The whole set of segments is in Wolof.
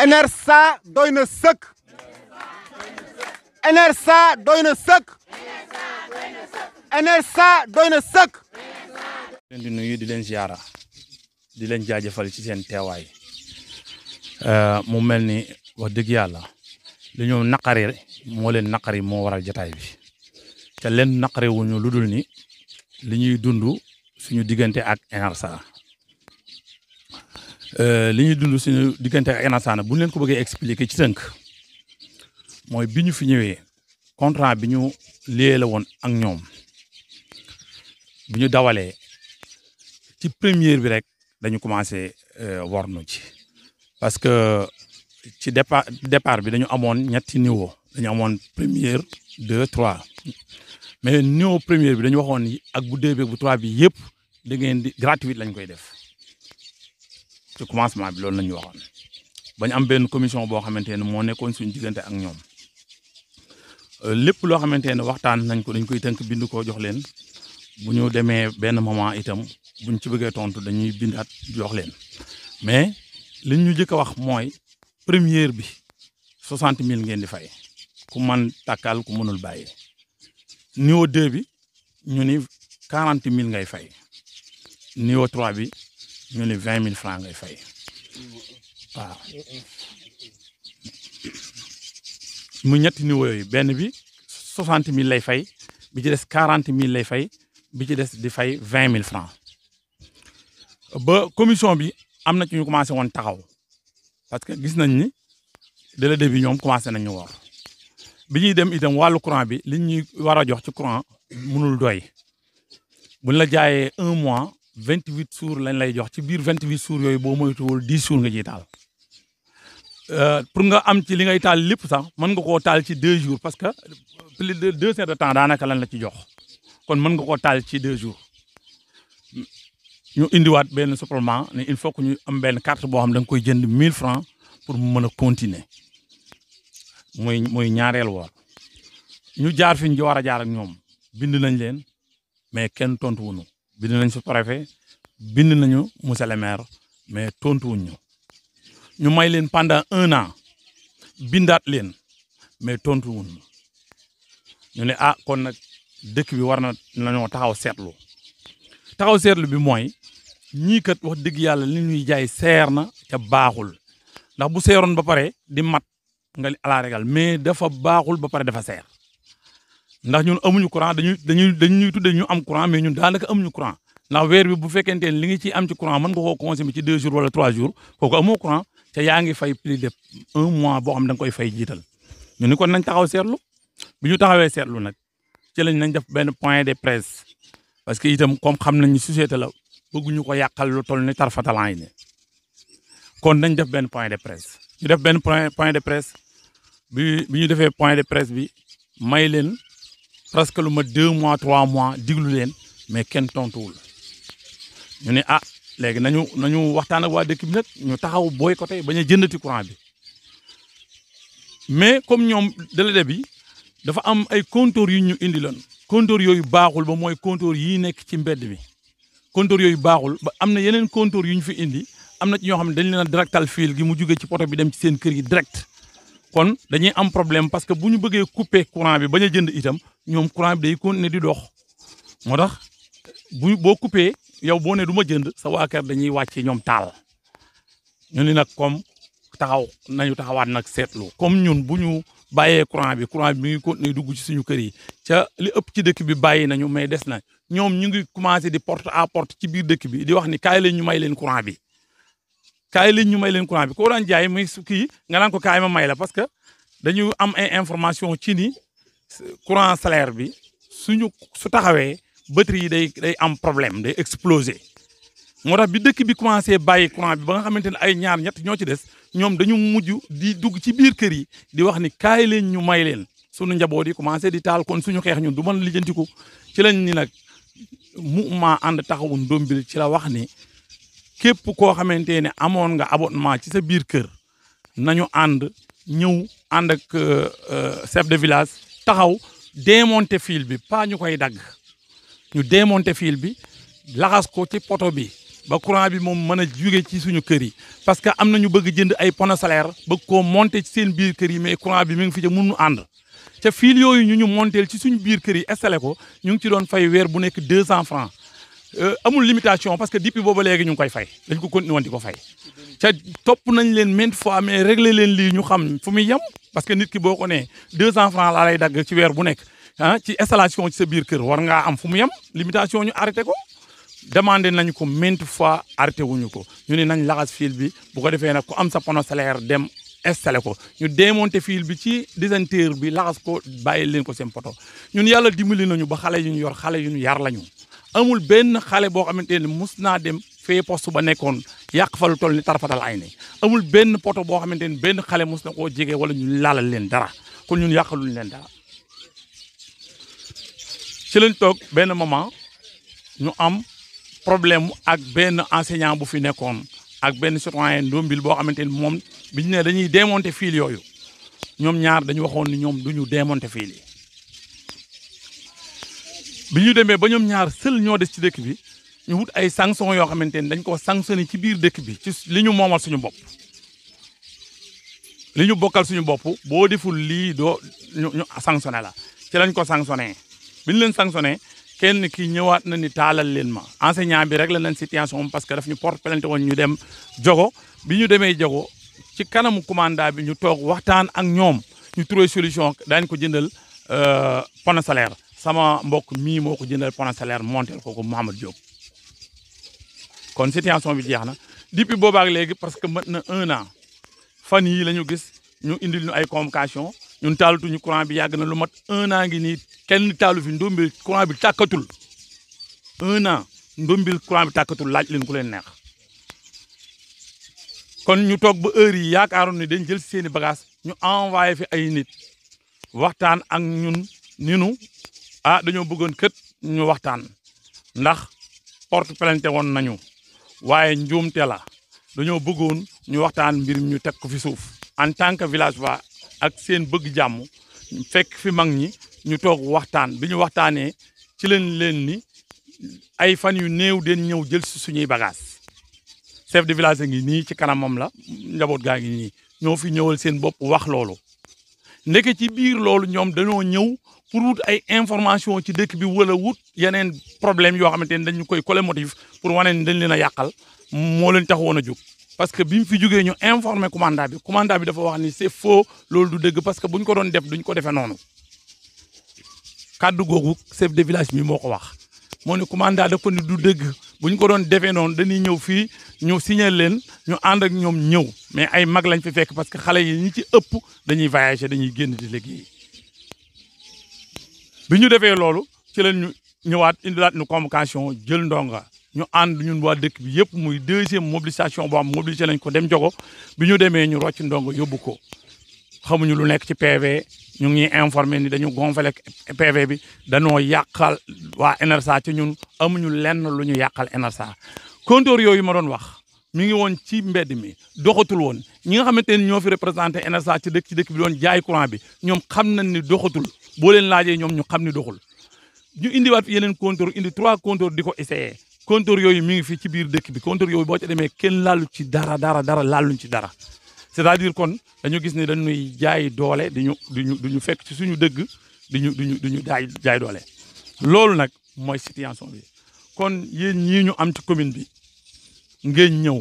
NRSA doy na sëkk NRSA doy na sëkk. NRSA doy sëkk. leen di nuyu di leen ziara di leen jaajëfal ci seen teewaay euh, mu mel ni wax dëgg yàlla li ñu naqari moo leen naqari moo waral jataay bi te leen naqari wuñu lu dul ni li ñuy dund suñu diggante ak NRSA. Euh, li ñuy dund suñu diggante ak NRSA nag bu ñu leen ko bëggee expliquer ci tënk. mooy bi ñu fi ñëwee contrat bi ñu liyee la woon ak ñoom bi ñu dawalee ci première bi rek dañu commencé euh, warnu ci parce que ci départ départ bi dañu amoon ñetti niveau dañu amoon première deux trois mais niveau premier bi dañu waxoon ak bu deux bu trois bi yëpp da ngeen di gratuite lañ koy def ci commencement bi loolu la ñu waxoon bañ am benn commission boo xamante ne moo nekkoon suñu diggante ak ñoom Euh, lépp loo xamante ne waxtaan nañ ko dañ koy tënk bind ko jox leen bu ñu demee benn moment itam buñ ci bëggee tontu dañuy bindaat jox leen mais liñ ñu jëkk a wax mooy première bi soixante mille ngeen di fay ku man takkal ku mënul bàyyi niveau deux bi ñu ni quarante mille ngay fay niveau trois bi ñu ni vingt mille franc ngay fay waaw mu ñetti ni yooyu benn bi soixante mille lay fay bi ci des quarante mille lay fay bi ci des di fay vingt mille francs ba commission bi am na ci ñu commencé woon taxaw parce que gis nañ ni dès le début ñoom commencé nañ ñu bi ñuy dem itam wàllu courant bi li ñuy war a jox ci courant mënul doy buñ la jaayee un mois vingt huit jours lañ lay jox ci biir vingt huit jours yooyu boo moytuwul dix jours nga ciy taal. Euh, pour nga am ci li ngay taal lépp sax mën nga ko taal ci deux jours parce que plus de deux heures de temps daanaka lan la ci jox kon mën nga koo taal ci deux jours ñu indiwaat benn supplément ne il faut que ñu am benn carte boo xam da nga koy jënd mille francs pour mu mën a continuer mooy mooy ñaareel woor ñu jaar fi ñu war a jaar ak ñoom bind nañ leen mais kenn tontu wuñu bind nañ sous-préfet bind nañu monsieur le maire mais tontu wuñu ñu may leen pendant un an bindaat leen mais tontu wuñ ñu ne ah kon nag dëkk bi war na nañoo taxaw seetlu taxaw seetlu bi mooy ñii kat wax dëgg yàlla ni ñuy jaay seer na te baaxul ndax bu seeroon ba pare di mat nga ala regal mais dafa baaxul ba pare dafa seer ndax ñun amuñu courant dañuy dañuy dañuy tudde ñu am courant mais ñun daanaka amuñu courant ndax weer bi bu fekkente ne li nga ciy am ci courant mën nga koo consommer ci deux jours wala trois te yaa ngi fay prix lépp un mois boo xam da nga koy fay jiital ñu ni kon nañ taxaw seetlu bi ñu taxawee seetlu nag ci lañ nañ def benn point de presse parce que itam comme xam nañ société la bëgguñu ko yàqal lu toll ni tarfatalaan yi ne kon nañ def benn point de presse def benn point de presse bi bi ñu defee point de presse bi may leen presque lu ma deux mois trois mois diglu leen mais kenn tontuwul ñu ne ah léegi nañu nañu waxtaan waa dëkk bi nag ñu taxaw booy boycotté bañ a jëndati courant bi mais comme ñoom délégué bi dafa am ay compteur yu ñu indi loon compteur yooyu baaxul ba mooy compteur yi nekk ci mbedd mi compteur yooyu baaxul ba am na yeneen compteur yu ñu fi indi am na ci ñoo xam ne dañ leen directal fil gi mu jugee ci poto bi dem ci seen kër gi direct kon dañuy am problème parce que bu ñu bëggee couper courant bi bañ a jënd itam ñoom courant bi day ne di dox moo tax bu boo kupe yow boo ne du ma jënd sa waa dañuy wàcc ñoom taal ñu ni nag comme taxaw nañu taxawaat nag seetlu comme ñun bu ñu bàyyee courant bi courant bi mi ngi continuer dugg ci suñu kër yi ca li ëpp ci dëkk bi bàyyi nañu mais des na ñoom ñu ngi commencé di porte à porte ci biir dëkk bi di wax ni kaay leen ñu may leen courant bi kaay leen ñu may leen courant bi koo daan jaay muy su kii nga naan ko kaay ma may la parce que dañu am ay information ci ni courant solaire bi suñu su taxawee batterie yi day day am problème day exploser moo tax bi dëkk bi commencé bàyyi courant bi ba nga xamante ne ay ñaar ñett ñoo ci des ñoom dañu mujj di dugg ci biir kër yi di wax ni kaay leen ñu may leen sunu njaboot yi commencé di taal kon suñu xeex ñun du mën lijjantiku ci lañ ni nag mu ma ànd taxawu Ndombili ci la wax ni képp koo xamante ne amoon nga abonnement ci sa biir kër nañu ànd ñëw ànd ak euh, euh, chef de village taxaw démonter fil bi pas ñu koy dagg. ñu démonter fil bi laxas ko ci poto bi ba courant bi moom mën a jóge ci suñu kër yi parce que am na ñu bëgg jënd ay panneaux solaires bëgg ko monter ci seen biir kër yi mais courant bi mi ngi fi ca mënu ànd ca yooyu ñu ñu monteel ci suñu biir kër yi installé ko ñu ngi ci doon fay weer bu nekk 200 francs euh, amul limitation parce que depuis ba léegi ñu ngi koy fay dañ ko continué woon di ko fay ca topp nañ leen maintes fois mais réglé leen lii ñu xam fu muy yem parce que nit ki boo ko nee 200 francs laa lay ci weer bu nekk ah ci installation ci sa biir kër war ngaa am fu mu yem limitation ñu arrêté ko demandé nañu ko maintes fois arrêté wuñu ko ñu ne nañ laxas fil bi bu ko defee nag ku am sa panneau solaire dem installé ko ñu démonté fil bi ci disanteur bi laxas ko bàyyi leen ko seen poto ñun yàlla dimbali nañu ba xale yu ñu yor xale yu ñu yar lañu amul benn xale boo xamante ne mus naa dem fee poste ba nekkoon yàq fa lu toll ni tarfatal ay ne amul benn poto boo xamante ne benn xale mus na koo jege wala ñu laalal leen dara kon ñun yàqaluñ leen dara ci lañ toog benn moment ñu am problème ak benn enseignant bu fi nekkoon ak benn doom Ndombil boo xamante ni moom bi ñu ne dañuy démonter fil yooyu ñoom ñaar dañu waxoon ni ñoom du ñu démonter fil yi. bi ñu demee ba ñoom ñaar sël ñoo des ci dëkk bi ñu wut ay sanction yoo xamante ni dañ ko sanctionné ci biir dëkk bi ci li ñu moomal suñu bopp. li ñu bokkal suñu bopp boo deful lii doo ñu ñu sanctionné la ci lañ ko sanctionné. bi ñu leen sanctionné kenn ki ñëwaat na ni taalal leen ma enseignant bi rek la leen situation parce que daf ñu porte plainte woon ñu dem jogo bi ñu demee jogo ci kanamu commandant bi ñu toog waxtaan ak ñoom ñu trouvé solution daañu ko jëndal euh, panneau solaire sama mbokk mi moo ko jëndal panneau solaire montel ko ko Mouhamed Diop kon situation bi jeex na depuis boobaak léegi parce que mën na un an fan yii la ñu gis ñu indil ñu ay convocation ñun taalutuñu courant bi yàgg na lu mat un an ngi nii kenn taalu fi ndombil courant bi tàkkatul un an ndombil courant bi tàkkatul laaj leen ku leen neex kon ñu toog ba heure yi yaakaaroon ne dañ jël seeni bagage ñu envoyé fi ay nit waxtaan ak ñun ni nu ah dañoo bëggoon kët ñu waxtaan ndax porte plainte woon nañu waaye njuumte la dañoo bëggoon ñu waxtaan mbir ñu teg ko fi suuf en tant que villageois ak seen bëgg jàmm fekk fi mag ñi ñu toog waxtaan bi ñu waxtaanee ci leen leen ni ay fan yu néew den ñëw jël si suñuy bagage chef de village a ngi nii ci kanamam la njaboot gaa ngi nii ñoo fi ñëwal seen bopp wax loolu ndeke ci biir loolu ñoom dañoo ñëw pour wut ay information ci dëkk bi wala wut yeneen problème yoo xamante ne dañu koy cole motif pour wane ni dañ leen a yàqal moo leen tax woon a jóg parce que bi fi jógee ñu informé commandant bi commandant bi dafa wax ni c'est foo loolu du dëgg parce que bu ñu ko doon def duñ ko defee noonu kàddu googu chef de village bi moo ko wax moo ne commandant dafa ni du dëgg bu ñu ko doon defee noonu dañuy ñëw fii ñu signé leen ñu ànd ak ñoom ñëw mais ay mag lañ fi fekk parce que xale yi ñi ci ëpp dañuy voyager dañuy génn di liggéey bi ñu defee loolu ci leen ñu ñëwaat indilaat nu convocation jël ndonga ñu ànd ñun waa dëkk bi yëpp muy deuxième mobilisation boo xam mobilisé nañ ko dem jogo bi ñu demee ñu rocc ndongo yóbbu ko xamuñu lu nekk ci PV ñu ngi ñuy informé ni dañu gonfale PV bi dañoo yàqal waa ENARSA ci ñun amuñu lenn lu ñu yàqal ENARSA compteur yooyu ma doon wax mi ngi woon ci mbedd mi doxatul woon ñi nga xamante ni ñoo fi représenté ENARSA ci dëkk ci dëkk bi doon jaay courant bi ñoom xam nañ ni doxatul boo leen laajee ñoom ñu xam ni doxul ñu indiwaat yeneen compteur indi trois compteur di ko compteur yooyu mi ngi fi ci biir dëkk bi compteur yooyu boo ci demee kenn laalu ci dara dara dara laaluñ ci dara cest à diir kon dañu gis ne dañuy jaay doole di ñu ñu fekk ci suñu dëgg di ñu di ñu jaay jaay doole. loolu nag mooy situation bi kon yéen ñii ñu am ci commune bi ngeen ñëw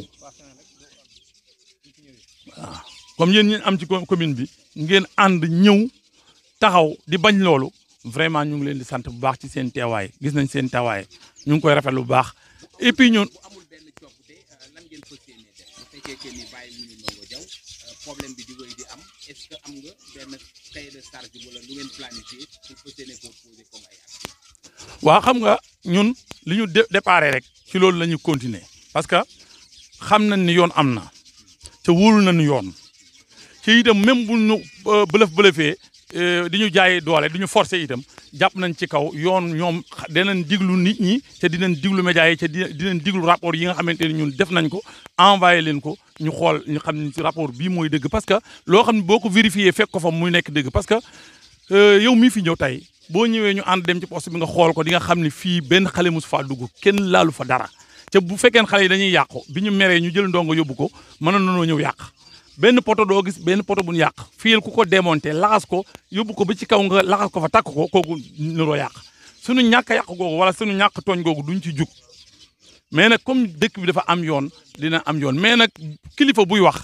comme yéen ñi am ci commune bi ngeen ànd ñëw taxaw di bañ loolu vraiment ñu ngi leen di sant bu baax ci seen teewaay gis nañ seen teewaay ñu ngi koy rafet lu baax et puis ñun problème bi di koy di am est-ce que am nga benn cahier de charge wala lu ngeen planifié pour fas yéene ko poser comme ay actions. waaw xam nga ñun li ñu déparé rek ci loolu la ñu continuer parce que xam nañ ni yoon am na te wóolu nañu yoon ci itam même bu ñu euh, bëlëf bëlëfee Euh, di ñu jaay doole di ñu forcer itam jàpp nañ ci kaw yoon ñoom dinañ diglu nit ñi te dinañ diglu médias yi te dinañ diglu rapport yi nga xamante ni ñun def nañ ko envoyé leen ko ñu xool ñu xam ni ci rapport bii mooy dëgg parce que loo xam ne boo ko vérifié fekk ko fa mu nekk dëgg parce que euh, yow mii fi ñëw tey boo ñëwee ñu ànd dem ci poste bi nga xool ko di nga xam ni fii benn xale mosu faa dugg kenn laalu fa dara te bu fekkee xale yi dañuy yàqu bi ñu meree ñu jël ndongo yóbbu ko mën nañoo ñëw yàq benn poto doo gis benn poto bu ñu yàq fiil ku ko démonté laxas ko yóbbu ko ba ci kaw nga laxas ko fa takk ko kooku niroo yàq sunu ñàkk a yàq googu wala suñu ñàkk tooñ googu duñ ci jug mais nag comme dëkk bi dafa am yoon dina am yoon mais nag kilifa buy wax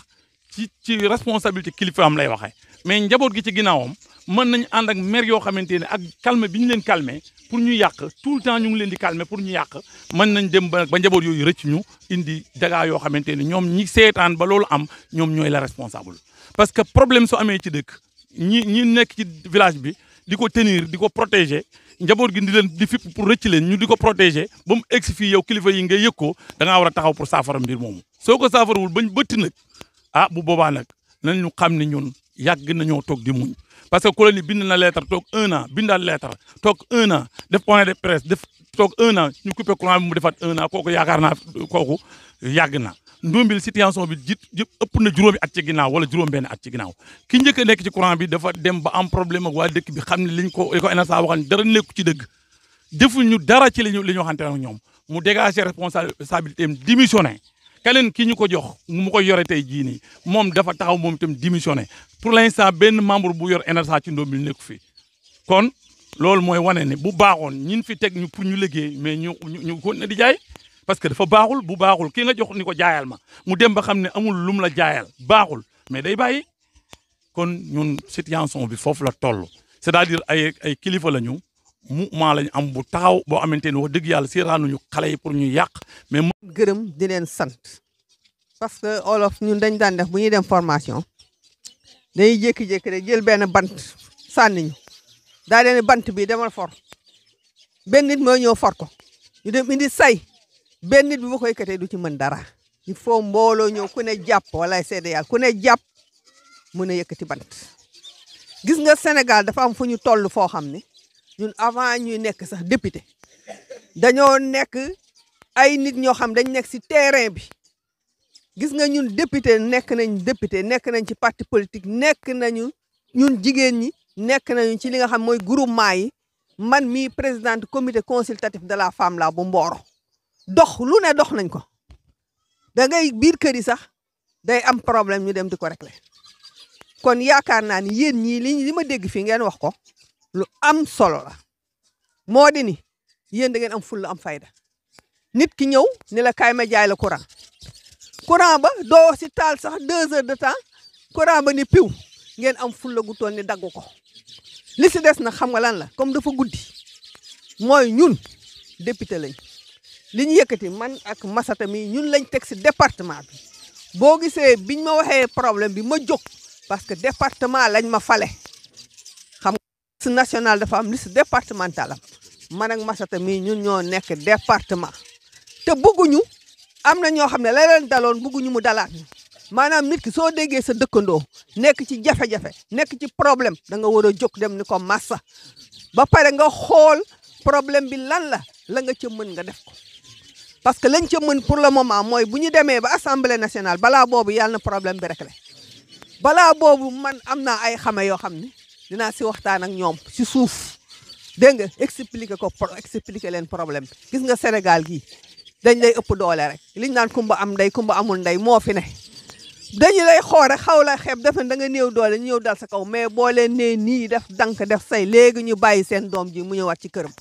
ci ci responsabilité kilifa am lay waxee mais njaboot gi ci ginnaawam mën nañu ànd ak mer yoo xamante ne ak calme bi ñu leen calmer pour ñu yàq tout le temps ñu ngi leen di calmer pour ñu yàq mën nañ dem ba ba njaboot yooyu rëcc ñu indi dagaa yoo xamante ne ñoom ñi seetaan ba loolu am ñoom ñooy la responsable. parce que problème su amee ci dëkk ñi ñi nekk ci village bi di ko tenir di ko protéger njaboot gi di leen di fipp pour rëcc leen ñu di ko protéger ba mu egsi fii yow kilifa yi nga yëg ko da war a taxaw pour saafara mbir moomu. soo saafarawul bañ bëtt nag ah bu boobaa nag nañ ñu xam ne ñun yàgg nañoo toog di muñ parce que colonie bind na lettre toog un an bindaat lettre toog un an def point de presse def toog un ñu coupé courant bi mu defaat un an kooku yaakaar naa kooku yàgg na. Ndombil situation bi ji ëpp na juróomi at ci ginnaaw wala juróom-benn at ci ginnaaw ki njëkk a nekk ci courant bi dafa dem ba am problème ak waa bi xam ne liñ ko li ko NSA waxoon dara nekku ci dëgg defuñu dara ci li ñu li ñu waxante ak ñoom mu dégager responsabilité am démissionné. keneen ki ñu ko jox mu ko yore tey jii nii moom dafa taxaw moom itam démissionné pour l'instant benn membre bu yor ENARSA ci ndóol bi nekk fi kon loolu mooy wane ni bu baaxoon ñin fi teg ñu pour ñu liggéey mais ñu ñu ko ne di jaay parce que dafa baaxul bu baaxul ki nga jox ni ko jaayal ma mu dem ba xam ne amul lum la jaayal baaxul mais day bàyyi kon ñun situation bi foofu la toll c'est-à-dire ay ay kilifa la ñu mouvement lañu am bu taxaw boo xamante ni wax dëgg yàlla seeraanuñu xale yi pour ñu yàq mais. gërëm di leen sant parce que olof ñun dañ daan def bu ñuy dem formation dañuy jékki-jékki rek jël benn bant sànni ñu daa leen bant bi demal for benn nit mooy ñëw for ko ñu dem indi say benn nit bi bu ko yëkkatee du ci mën dara. il faut mbooloo ñëw ku ne jàpp walaay seede yàlla ku ne jàpp mën a yëkkati bant gis nga Sénégal dafa am fu ñu toll foo xam ni ñun avant ñuy nekk sax député dañoo nekk ay nit ñoo xam dañ nekk si terrain bi gis nga ñun député nekk nañ député nekk nañ ci parti politique nekk nañu ñun jigéen ñi nekk nañu ci li nga xam mooy groupement yi man mii présidente comité consultatif de la femme la bu Mboro dox lu ne dox nañ ko da ngay biir kër yi sax day am problème ñu dem di ko régler kon yaakaar naa ni yéen ñii li ma dégg fii ngeen wax ko lu am solo la moo di ni yéen da ngeen am ful am fayda nit ki ñëw ni la kaay ma jaay la courant courant ba doo si taal sax deux heures temps courant ba ni piw ngeen am ful la gu toll ni daggu ko li si des na xam nga lan la comme dafa guddi mooy ñun député lañ li ñu yëkkati man ak Massata mi ñun lañ teg si département bi boo gisee biñ ma waxee problème bi ma jóg parce que département lañ ma fale liste nationale dafa am liste départementale am man ak Massata mii ñun ñoo nekk département te bëgguñu am na ñoo xam ne la leen daloon bëgguñu mu dalaat ñu maanaam nit ki soo déggee sa dëkkandoo nekk ci jafe-jafe nekk ci problème da nga war a jok dem ni ko massa ba pare nga xool problème bi lan la la nga ca mën nga def ko parce que lañ ca mën pour le moment mooy bu ñu demee ba assemblée nationale balaa boobu yàlla na problème bi réglé balaa boobu man am naa ay xame dinaa si waxtaan ak ñoom si suuf dégg nga expliquer ko expliquer leen problème bi gis nga Sénégal gii dañ lay ëpp doole rek liñ naan kumba am day kumba amul ndey moo fi ne dañu lay xool rek xaw la xeeb defe da nga néew doole ñu ñëw dal sa kaw mais boo leen nee nii def dank def say léegi ñu bàyyi seen doom ji mu ñëwaat ci këram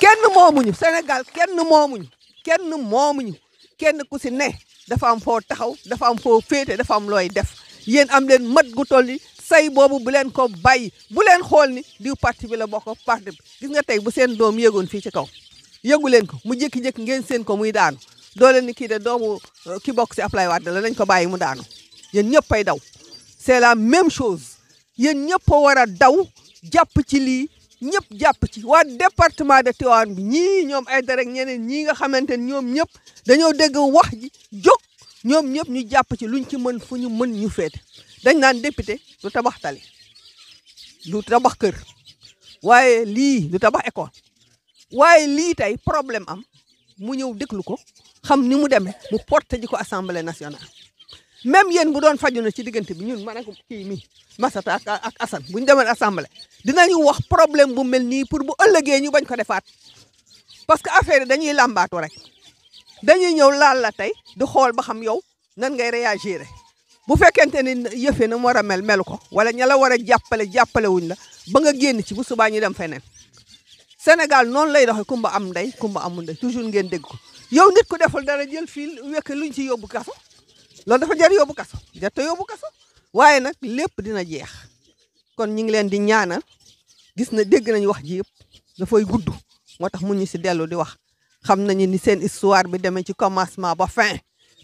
kenn moomuñu Sénégal kenn moomuñu kenn moomuñu kenn ku si ne dafa am foo taxaw dafa am foo féete dafa am looy def yéen am leen mat gu toll say boobu bu leen ko bàyyi bu leen xool ni diw parti bi la bokk parti bi gis nga tey bu seen doom yéegoon fii ci kaw yëgu leen ko mu jékki-jékki ngeen seen ko muy daanu doo leen ni kii de doomu euh, ki bokk si Ablaye Wade la nañ ko bàyyi mu daanu yéen ñëpp ay daw c'est la même chose yéen ñëpp a war a daw jàpp ci lii ñëpp jàpp ci waa département de Tivaouane bi ñii ñoom ay dara ak ñeneen ñii nga xamante ni ñoom ñëpp dañoo dégg wax ji jóg ñoom ñëpp ñu jàpp ci lu luñ ci mën fu ñu mën ñu féete dañ naan député lu tabax tali du tabax kër waaye lii du tabax école waaye lii tey problème am mu ñëw déglu ko xam ni mu demee mu porté ji ko assemblée nationale. même yéen bu doon faju na ci diggante bi ñun man ak kii mi Masata ak ak Assane bu ñu demee assemblée dinañu wax problème bu mel nii pour bu ëllëgee ñu bañ ko defaat parce que affaire dañuy làmbaatu rek dañuy ñëw laal la tey di xool ba xam yow nan ngay réagir. bu fekkente ni yëfee na mu war a mel melu ko wala ña la war a jàppale jàppale wuñ la ba nga génn ci bu subaa ñu dem feneen Sénégal noonu lay doxee kumba am ndey kumba amul ndey toujours ngeen dégg ko yow nit ku deful dara jël fii wekk luñ ci yóbbu kaso loolu dafa jar yobu kaso jar te yóbbu kaso waaye nag lépp dina jeex kon ñu ngi leen di ñaanal gis na dégg nañu wax ji yëpp dafay gudd moo tax mu ñu si dellu di wax xam nañu ni seen histoire bi demee ci commencement ba fin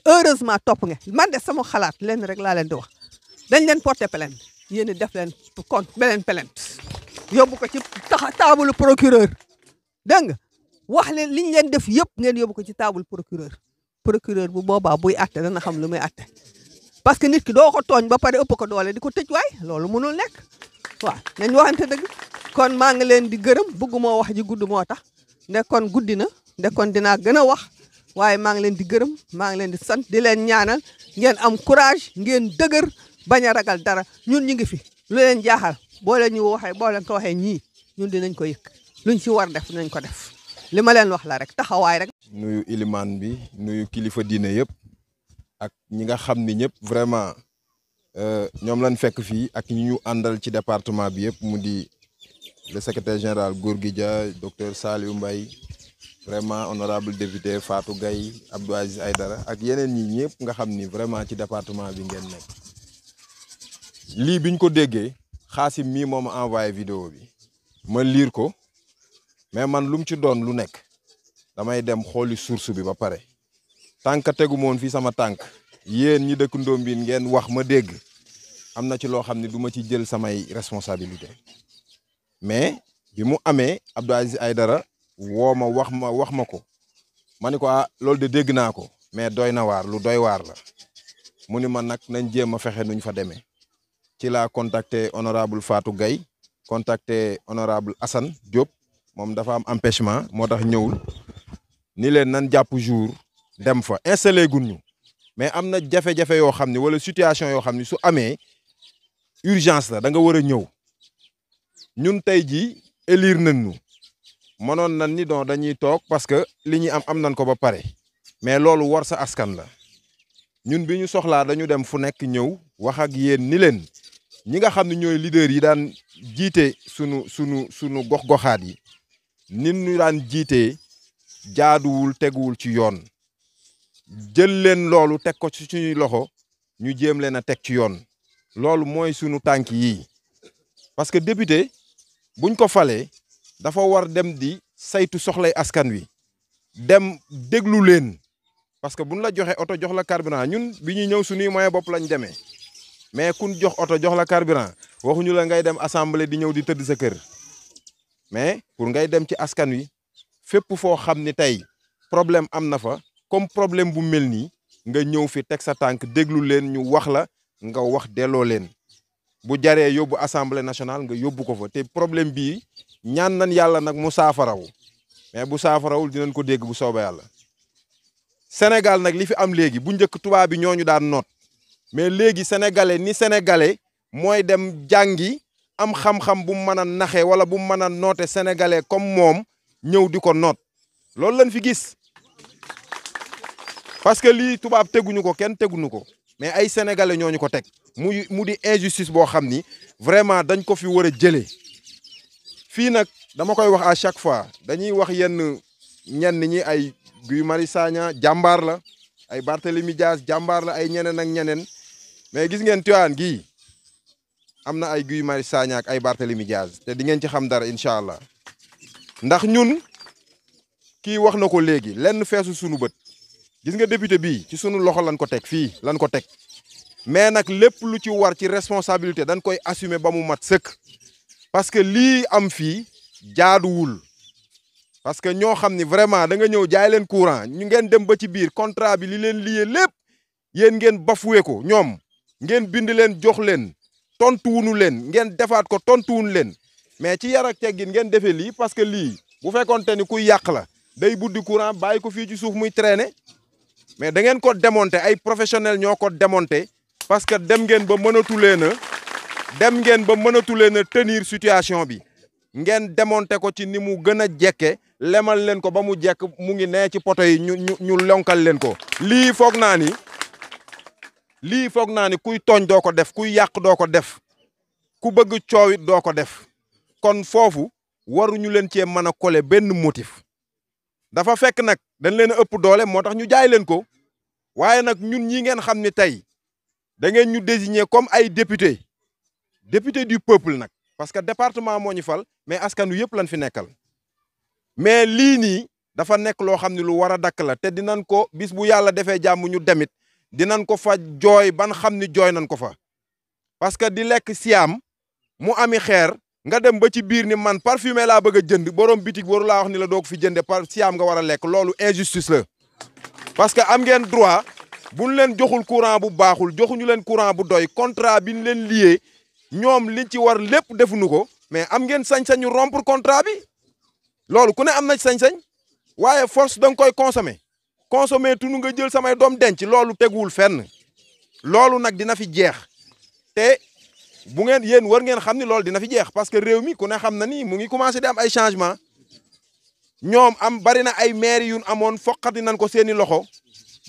heureusement topp nga man de sama xalaat lenn rek laa leen di wax dañ leen porter plainte yéen a def leen compte beleen plainte yóbbu ko ci tax taabalu procureur dégg nga wax leen li leen def yëpp ngeen yóbbu ko ci taabal procureur procureur bu boobaa buy atte na xam lu muy atte parce que nit ki doo ko tooñ ba pare ëpp ko doole di ko tëj waay loolu mënul nekk waaw nañ waxante dëgg kon maa ngi leen di gërëm bëgguma wax ji gudd moo tax nde kon guddi na nde kon dinaa gën a wax waaye maa ngi leen di gërëm maa ngi leen di sant di leen ñaanal ngeen am courage ngeen dëgër bañ a ragal dara ñun ñu ngi fi lu leen jaaxal boo leen ñu waxee boo leen ko waxee ñii ñun dinañ ko yëg luñ ci war def nañ ko def li ma leen wax la rek taxawaay rek. nuyu ilimaan bi nuyu kilifa diine yëpp ak ñi nga xam ni ñëpp vraiment euh, ñoom lañ fekk fii ak ñu àndal ci département bi yëpp mu di le secrétaire général Gorgui Dia docteur Saliou Mbaye vraiment honorable député Fatou Gaye Abdou Aziz Aydara ak yeneen ñi ñëpp nga xam ni vraiment ci département bi ngeen nekk lii biñ ko déggee xaasim mii moom a envoyé vidéo bi ma liir ko mais man lu mu ci doon lu nekk damay dem xooli source bi ba pare tànk tegu moon fii sama tànk yéen ñi dëkk Ndombin ngeen wax ma dégg am na ci loo xam ne du ci jël samay responsabilité mais bi mu amee Abdou Aziz Aydara woo ma wax ma wax ma ko ma ni ko ah, loolu de dégg naa ko mais doy na waar lu doy waar la mu ni ma nag nañ jéem a fexe nuñ fa demee ci laa contacter honorable Fatou Gaye contacter honorable Assane Diop moom dafa am empêchement moo tax ñëwul ni leen nan jàpp jour dem fa installé gun ñu mais am na jafe-jafe yoo xam ne wala situation yoo xam ne su amee urgence la da nga war a ñëw ñun tey jii élire nañ mënoon nañ ni don dañuy toog parce que li ñuy am am nañ ko ba pare mais loolu war sa askan la ñun bi ñu soxlaa dañu dem fu nekk ñëw wax ak yéen ni leen ñi nga xam ne ñooy leader yi daan jiite sunu sunu sunu gox-goxaat yi nit ñu daan jiitee jaaduwul teguwul ci yoon jël leen loolu teg ko ci suñuy loxo ñu jéem leen a teg ci yoon loolu mooy sunu tànk yi parce que député buñ ko falee dafa war dem di saytu soxlay askan wi dem déglu leen parce que buñ la joxe oto jox la carburant ñun bi ñuy ñëw suñuy moyen bopp lañ demee mais kun jox oto jox la carburant waxuñu la ngay dem assemblée di ñëw di tëdd sa kër mais pour ngay dem ci askan wi fépp foo xam ni tey problème am na fa comme problème bu mel nii nga ñëw fi teg sa tànk déglu leen ñu wax la nga wax delloo leen bu jaree yóbbu assemblée nationale nga yóbbu ko fa te problème bii ñaan nañ yàlla nag mu saafarawu mais bu saafarawul dinañ ko dégg bu soobee yàlla Sénégal nag li fi am léegi bu njëkk tubaab bi ñooñu daan noot mais léegi sénégalais ni senegale mooy dem jàngi am xamxam xam bu mën a naxe wala bu mën a noote sénégalais comme moom ñëw di ko noot loolu lañ fi gis parce que lii tubaab teguñu ko kenn teguñu ko mais ay sénégalais ñooñu ko teg mu mu di injustice boo xam ni vraiment dañ ko fi war a jëlee fii nag dama koy wax à chaque fois dañuy wax yenn ñenn ñi ay Guy mari Sagna jàmbaar la ay Barthélemy Dias jàmbaar la ay ñeneen ak ñeneen mais gis ngeen Tivaouane gii am na ay Guy mari Sagna ak ay Barthélemy Dias te di ngeen ci xam dara incha allah ndax ñun kii wax na ko léegi lenn feesu sunu bët gis nga député bi ci sunu loxo lan ko teg fii lan ko teg mais nag lépp lu ci war ci responsabilité dañ koy assumer ba mu mat sek parce que lii am fii jaaduwul parce que ñoo xam ni vraiment da nga ñëw jaay leen courant ñu ngeen dem ba ci biir contrat bi li leen lié lépp yéen ngeen bafuwe ko ñoom ngeen bind leen jox leen tontuwunu leen ngeen defaat ko tontuwunu leen mais ci yar ak teggin ngeen defee lii parce que lii bu fekonte ni kuy yàq la day buddi courant bàyyi ko fii ci suuf muy traîner mais da ngeen ko démonter ay professionnel ñoo ko démonter parce que dem ngeen ba mënatu leen a dem ngeen ba mënatu leen a tenir situation bi ngeen démonter ko ci ni mu gën a jekke lemal leen ko ba mu jekk mu ngi nee ci poto ñu ñu lonkal leen ko. lii foog naa ni lii foog naa ni kuy tooñ doo ko def kuy yàq doo ko def ku bëgg coowit doo ko def kon foofu waruñu leen cee mën a coller benn motif. dafa fekk nag dañ leen a ëpp doole moo tax ñu jaay leen ko waaye nag ñun ñi ngeen xam ni tey da ngeen ñu désigner comme ay député député du peuple nag parce que département moo ñu fal mais askan wi yëpp lañ fi nekkal mais lii nii dafa nekk loo xam ne lu war a dakk la te dinañ ko bis bu yàlla defee jàmm ñu demit dinañ ko fa jooy ban xam ni jooy nañ ko fa parce que di lekk siam mu ami xeer nga dem ba ci biir ni man parfumé laa bëgg a jënd borom bitig waru laa wax ni la doog fi jënde par siam nga war a lekk loolu injustice la parce que am ngeen droit buñ leen joxul courant bu baaxul joxuñu leen courant bu doy contrat bi ñu leen lié ñoom li ci war lépp defuñu ko mais am ngeen sañ-sañu rompre contrat bi loolu ku ne am na sañ-sañ waaye force dang nga koy consommer consommer tunu nga jël samay doom denc loolu teguwul fenn loolu nag dina fi jeex te bu ngeen yéen war ngeen xam ni loolu dina fi jeex parce que réew mi ku ne xam na ni mu ngi commencé di am ay changement ñoom am bari na ay maire yu amoon foqati nañ ko seeni loxo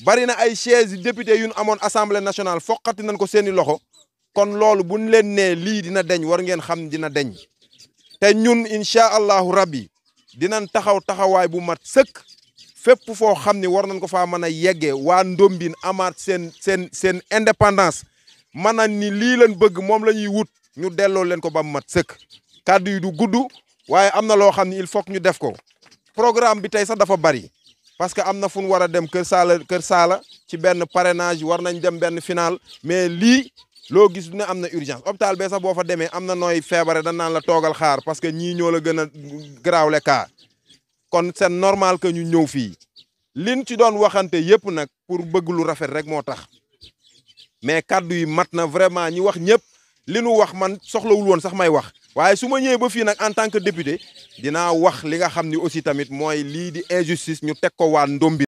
bari na ay chaise député yu amoon assemblée nationale foqati nañ ko seeni loxo kon loolu buñ leen ne lii dina deñ war ngeen xam dina deñ te ñun incha allahu rabbi dina taxaw taxawaay bu mat sëkk fépp foo xam ni war nañ ko faa mën a yeggee waa Ndombin amaat seen seen seen indépendance mën a ni lii leen bëgg moom la ñuy wut ñu delloo leen ko ba mat sëkk kàddu yi du gudd waaye am na loo xam ne il faut ñu def ko programme bi tey sax dafa bari parce que am na fu ñu war a dem Kër Saala Kër Saala ci benn parrainage war nañ dem benn final mais lii loo gis dina am na urgence hôpital bee sax boo fa demee am na nooy feebare dañ naan la toogal xaar parce que ñii ñoo la gën a garaawle ka kon c'est normal que ñu ñëw fii liñ ci doon waxante yëpp nag pour bëgg lu rafet rek moo tax mais kaddu yi mat na vraiment ñi wax ñëpp li nu wax man soxla soxlawul woon sax may wax waaye su ma ñëwee ba fii nag en tant que député dinaa wax li nga xam ni aussi tamit mooy lii di injustice ñu teg ko waa ndombi